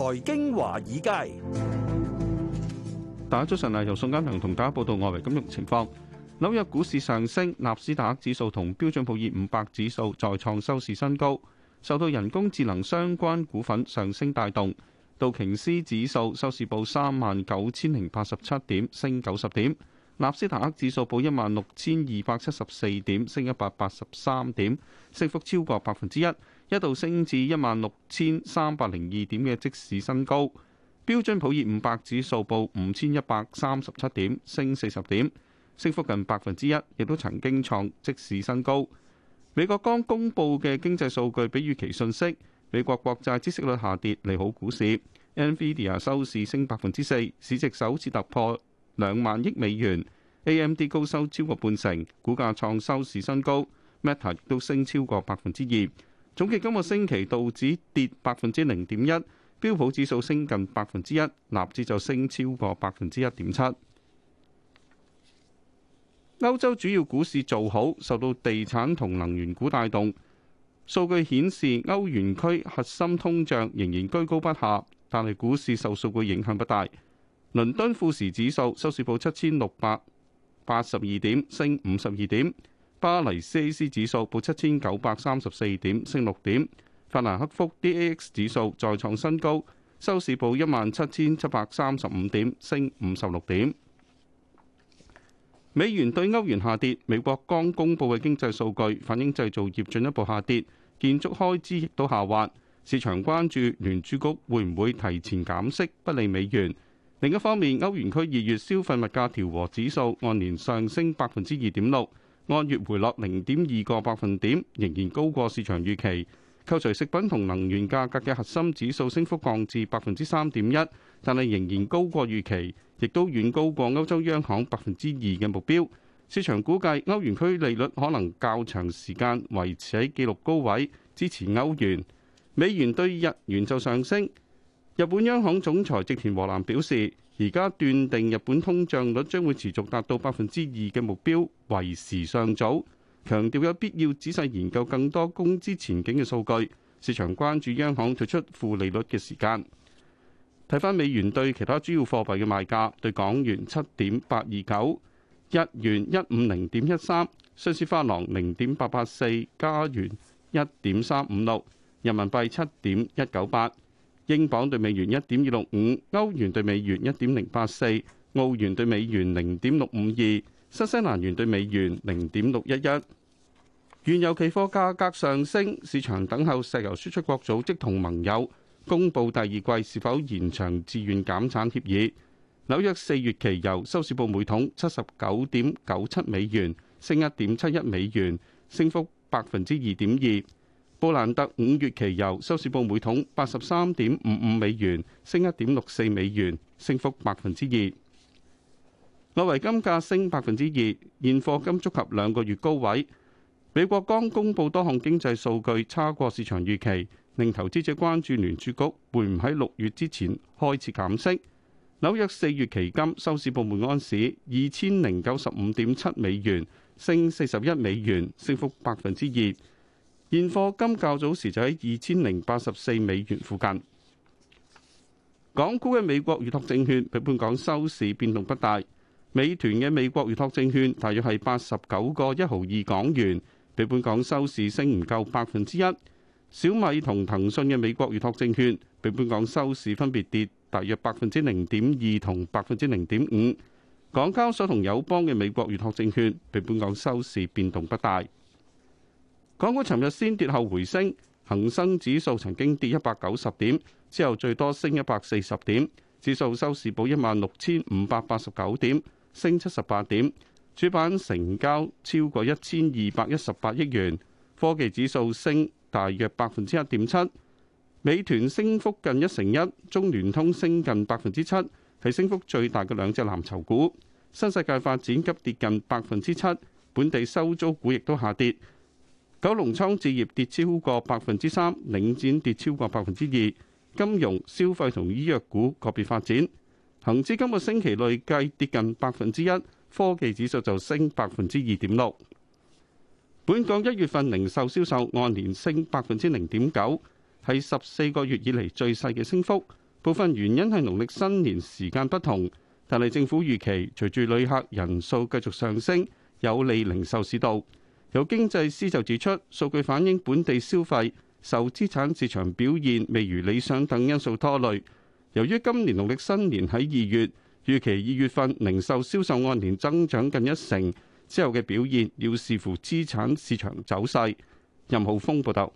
財經華爾街，大家早晨啊！由宋嘉良同大家報道外圍金融情況。紐約股市上升，納斯達克指數同標準普爾五百指數再創收市新高，受到人工智能相關股份上升帶動。道瓊斯指數收市報三萬九千零八十七點，升九十點；納斯達克指數報一萬六千二百七十四點，升一百八十三點，升幅超過百分之一。一度升至一萬六千三百零二點嘅即市新高。標準普爾五百指數報五千一百三十七點，升點升，升四十點，升幅近百分之一，亦都曾經創即市新高。美國剛公佈嘅經濟數據比預期信息，美國國債孳息率下跌，利好股市。Nvidia 收市升百分之四，市值首次突破兩萬億美元。AMD 高收超過半成，股價創收市新高。Meta 亦都升超過百分之二。總結今個星期，道指跌百分之零點一，標普指數升近百分之一，納指就升超過百分之一點七。歐洲主要股市做好，受到地產同能源股帶動。數據顯示歐元區核心通脹仍然居高不下，但係股市受數據影響不大。倫敦富時指數收市報七千六百八十二點，升五十二點。巴黎 CAC 指數報七千九百三十四點，升六點，法蘭克福 DAX 指數再創新高，收市報一萬七千七百三十五點，升五十六點。美元對歐元下跌，美國剛公佈嘅經濟數據反映製造業進一步下跌，建築開支亦都下滑。市場關注聯儲局會唔會提前減息，不利美元。另一方面，歐元區二月消費物價調和指數按年上升百分之二點六。按月回落零點二個百分點，仍然高過市場預期。扣除食品同能源價格嘅核心指數升幅降至百分之三點一，但係仍然高過預期，亦都遠高過歐洲央行百分之二嘅目標。市場估計歐元區利率可能較長時間維持喺紀錄高位，支持歐元。美元對日元就上升。日本央行總裁植田和男表示，而家斷定日本通脹率將會持續達到百分之二嘅目標為時尚早，強調有必要仔細研究更多工資前景嘅數據。市場關注央行退出負利率嘅時間。睇翻美元對其他主要貨幣嘅賣價：對港元七點八二九，日元一五零點一三，瑞士法郎零點八八四，加元一點三五六，人民幣七點一九八。英鎊兌美元一點二六五，歐元兌美元一點零八四，澳元兌美元零點六五二，新西蘭元兌美元零點六一一。原油期貨價格上升，市場等候石油輸出國組織同盟友公布第二季是否延長自願減產協議。紐約四月期油收市報每桶七十九點九七美元，升一點七一美元，升幅百分之二點二。布蘭特五月期油收市報每桶八十三點五五美元，升一點六四美元，升幅百分之二。挪威金價升百分之二，現貨金觸及兩個月高位。美國剛公布多項經濟數據差過市場預期，令投資者關注聯儲局會唔喺六月之前開始減息。紐約四月期金收市報每安士二千零九十五點七美元，升四十一美元，升幅百分之二。現貨金較早時就喺二千零八十四美元附近。港股嘅美國預託證券，比本港收市變動不大。美團嘅美國預託證券，大約係八十九個一毫二港元，比本港收市升唔夠百分之一。小米同騰訊嘅美國預託證券，比本港收市分別跌大約百分之零點二同百分之零點五。港交所同友邦嘅美國預託證券，比本港收市變動不大。港股尋日先跌後回升，恒生指數曾經跌一百九十點，之後最多升一百四十點，指數收市報一萬六千五百八十九點，升七十八點。主板成交超過一千二百一十八億元，科技指數升大約百分之一點七，美團升幅近一成一，中聯通升近百分之七，係升幅最大嘅兩隻藍籌股。新世界發展急跌近百分之七，本地收租股亦都下跌。九龍倉置業跌超過百分之三，領展跌超過百分之二，金融、消費同醫藥股個別發展。恒指今個星期累計跌近百分之一，科技指數就升百分之二點六。本港一月份零售銷售，售按年升百分之零點九，係十四個月以嚟最細嘅升幅。部分原因係農曆新年時間不同，但係政府預期隨住旅客人數繼續上升，有利零售市道。有經濟師就指出，數據反映本地消費受資產市場表現未如理想等因素拖累。由於今年農曆新年喺二月，預期二月份零售銷，售銷售按年增長近一成之後嘅表現，要視乎資產市場走勢。任浩峰報道。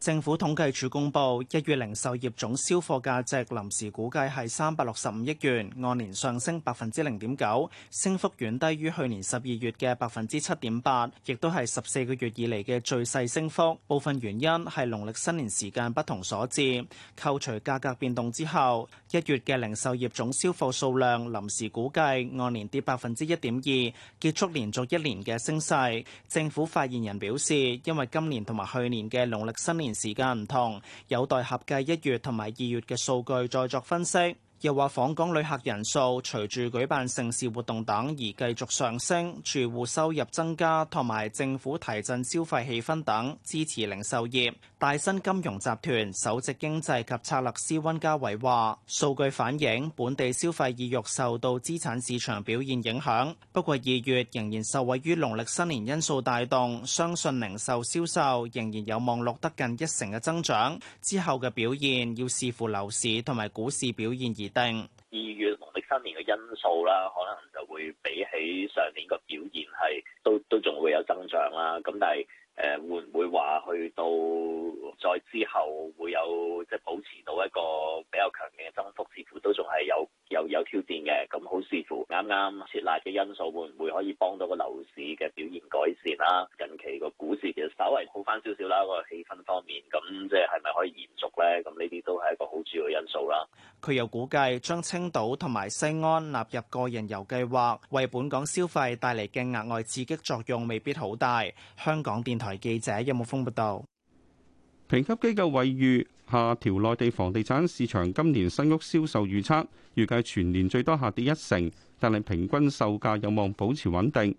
政府統計處公布，一月零售業總銷貨價值臨時估計係三百六十五億元，按年上升百分之零點九，升幅遠低於去年十二月嘅百分之七點八，亦都係十四個月以嚟嘅最細升幅。部分原因係農曆新年時間不同所致。扣除價格變動之後，一月嘅零售業總銷貨數量臨時估計按年跌百分之一點二，結束連續一年嘅升勢。政府發言人表示，因為今年同埋去年嘅農曆新年時間唔同，有待合計一月同埋二月嘅數據再作分析。又話訪港旅客人數隨住舉辦盛事活動等而繼續上升，住戶收入增加同埋政府提振消費氣氛等支持零售業。大新金融集團首席經濟及策略師温家偉話：數據反映本地消費意欲受到資產市場表現影響，不過二月仍然受惠於農曆新年因素帶動，相信零售銷售仍然有望錄得近一成嘅增長。之後嘅表現要視乎樓市同埋股市表現而。定二月農曆新年嘅因素啦，可能就會比起上年個表現係都都仲會有增長啦。咁但係誒會唔會話去到再之後會有即係保持到一個比較強勁嘅增幅，似乎都仲係有。又有，有挑戰嘅咁，好視乎啱啱設立嘅因素會唔會可以幫到個樓市嘅表現改善啦，啊。近期個股市其實稍微好返少少啦，個氣氛方面咁，即係係咪可以延續咧？咁呢啲都係一個好主要嘅因素啦。佢又估計將青島同埋西安納入個人遊計劃，為本港消費帶嚟嘅額外刺激作用未必好大。香港電台記者任木峰報道。評級機構惠譽下調內地房地產市場今年新屋銷售預測，預計全年最多下跌一成，但係平均售價有望保持穩定。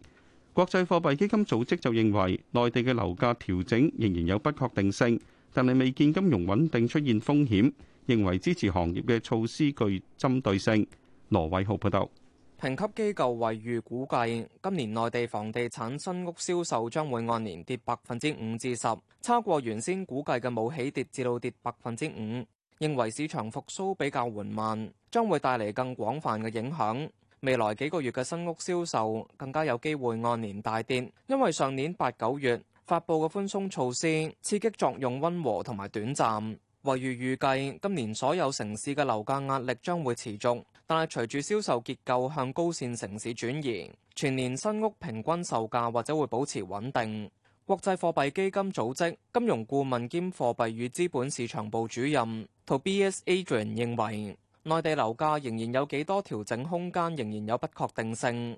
國際貨幣基金組織就認為，內地嘅樓價調整仍然有不確定性，但係未見金融穩定出現風險，認為支持行業嘅措施具針對性。羅偉浩報道。評級機構惠譽估計，今年內地房地產新屋銷售將會按年跌百分之五至十，超過原先估計嘅冇起跌至到跌百分之五，認為市場復甦比較緩慢，將會帶嚟更廣泛嘅影響。未來幾個月嘅新屋銷售更加有機會按年大跌，因為上年八九月發布嘅寬鬆措施刺激作用温和同埋短暫。惠譽預計今年所有城市嘅樓價壓力將會持續，但係隨住銷售結構向高線城市轉移，全年新屋平均售價或者會保持穩定。國際貨幣基金組織金融顧問兼貨幣與資本市場部主任 Tobias Adrian 認為，內地樓價仍然有幾多調整空間，仍然有不確定性。